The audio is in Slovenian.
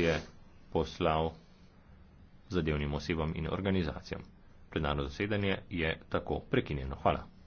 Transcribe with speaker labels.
Speaker 1: je poslal zadevnim osebam in organizacijam. Plenarno zasedanje je tako prekinjeno. Hvala.